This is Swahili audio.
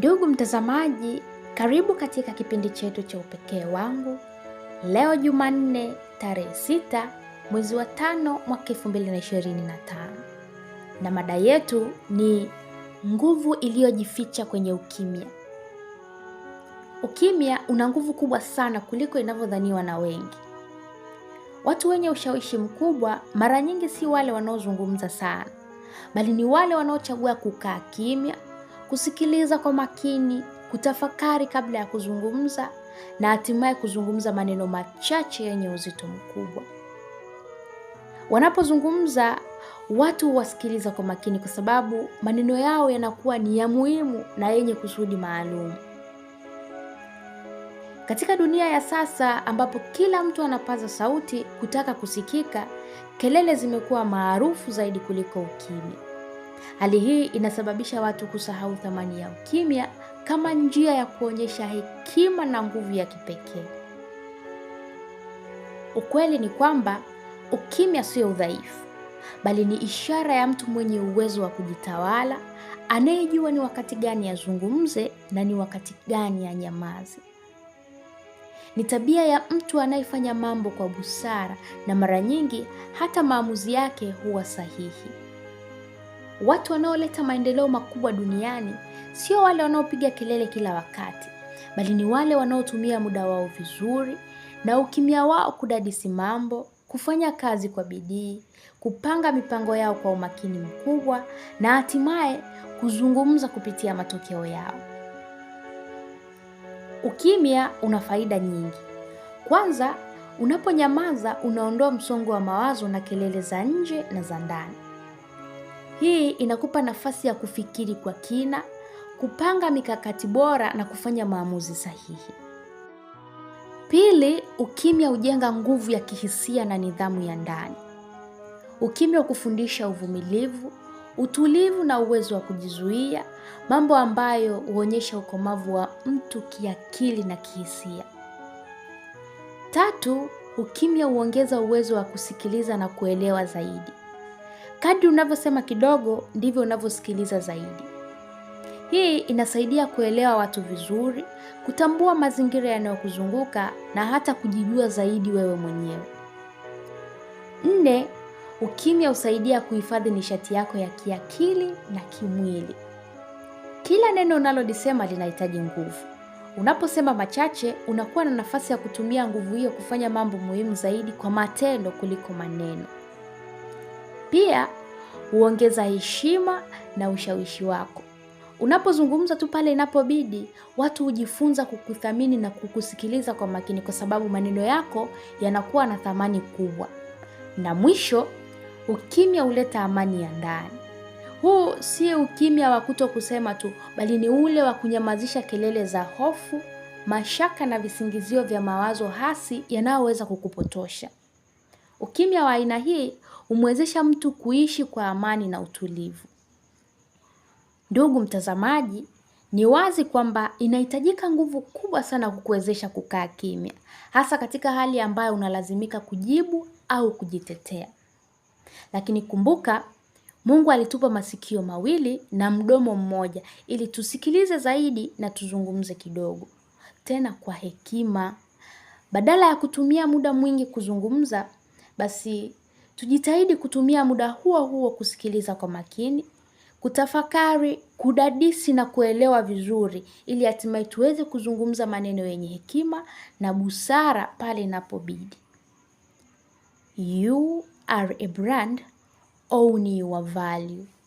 Ndugu mtazamaji, karibu katika kipindi chetu cha Upekee wangu. Leo Jumanne tarehe 6 mwezi wa tano mwaka tano na mada yetu ni nguvu iliyojificha kwenye ukimya. Ukimya una nguvu kubwa sana kuliko inavyodhaniwa na wengi. Watu wenye ushawishi mkubwa mara nyingi si wale wanaozungumza sana, bali ni wale wanaochagua kukaa kimya kusikiliza kwa makini, kutafakari kabla ya kuzungumza na hatimaye kuzungumza maneno machache yenye uzito mkubwa. Wanapozungumza watu huwasikiliza kwa makini, kwa sababu maneno yao yanakuwa ni ya muhimu na yenye kusudi maalum. Katika dunia ya sasa ambapo kila mtu anapaza sauti kutaka kusikika, kelele zimekuwa maarufu zaidi kuliko ukimya. Hali hii inasababisha watu kusahau thamani ya ukimya kama njia ya kuonyesha hekima na nguvu ya kipekee. Ukweli ni kwamba ukimya sio udhaifu, bali ni ishara ya mtu mwenye uwezo wa kujitawala, anayejua ni wakati gani azungumze na ni wakati gani anyamaze. Ni tabia ya mtu anayefanya mambo kwa busara na mara nyingi hata maamuzi yake huwa sahihi. Watu wanaoleta maendeleo makubwa duniani sio wale wanaopiga kelele kila wakati, bali ni wale wanaotumia muda wao vizuri na ukimya wao kudadisi mambo, kufanya kazi kwa bidii, kupanga mipango yao kwa umakini mkubwa na hatimaye kuzungumza kupitia matokeo yao. Ukimya una faida nyingi. Kwanza, unaponyamaza unaondoa msongo wa mawazo na kelele za nje na za ndani. Hii inakupa nafasi ya kufikiri kwa kina, kupanga mikakati bora na kufanya maamuzi sahihi. Pili, ukimya hujenga nguvu ya kihisia na nidhamu ya ndani. Ukimya kufundisha uvumilivu, utulivu na uwezo wa kujizuia, mambo ambayo huonyesha ukomavu wa mtu kiakili na kihisia. Tatu, ukimya huongeza uwezo wa kusikiliza na kuelewa zaidi. Kadri unavyosema kidogo, ndivyo unavyosikiliza zaidi. Hii inasaidia kuelewa watu vizuri, kutambua mazingira yanayokuzunguka na hata kujijua zaidi wewe mwenyewe. Nne, ukimya husaidia kuhifadhi nishati yako ya kiakili na kimwili. Kila neno unalolisema linahitaji nguvu. Unaposema machache, unakuwa na nafasi ya kutumia nguvu hiyo kufanya mambo muhimu zaidi kwa matendo kuliko maneno. Pia huongeza heshima na ushawishi wako. Unapozungumza tu pale inapobidi, watu hujifunza kukuthamini na kukusikiliza kwa makini, kwa sababu maneno yako yanakuwa na thamani kubwa. Na mwisho, ukimya huleta amani ya ndani. Huu si ukimya wa kuto kusema tu, bali ni ule wa kunyamazisha kelele za hofu, mashaka na visingizio vya mawazo hasi yanayoweza kukupotosha. Ukimya wa aina hii humwezesha mtu kuishi kwa amani na utulivu. Ndugu mtazamaji, ni wazi kwamba inahitajika nguvu kubwa sana kukuwezesha kukaa kimya, hasa katika hali ambayo unalazimika kujibu au kujitetea. Lakini kumbuka, Mungu alitupa masikio mawili na mdomo mmoja ili tusikilize zaidi na tuzungumze kidogo, tena kwa hekima. Badala ya kutumia muda mwingi kuzungumza, basi Tujitahidi kutumia muda huo huo kusikiliza kwa makini, kutafakari, kudadisi na kuelewa vizuri ili hatimaye tuweze kuzungumza maneno yenye hekima na busara pale inapobidi. You are a brand, own your value.